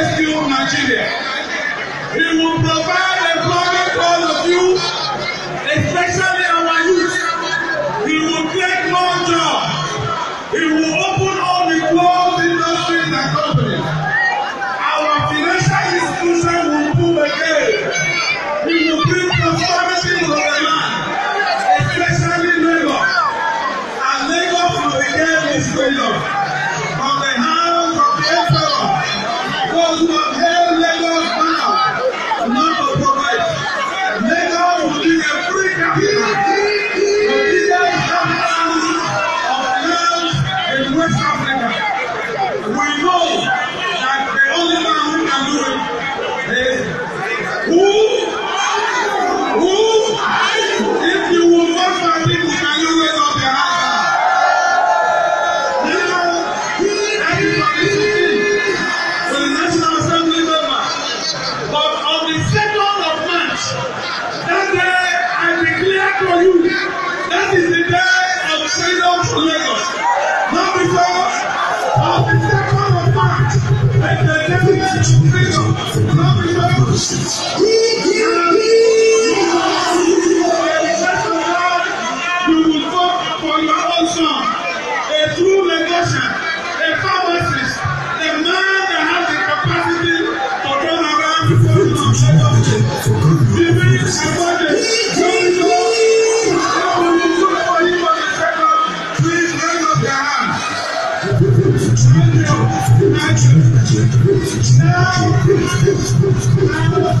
rescue Nigeria. he will provide employment for all of you. Cuba. States. You for your own son. Thank you.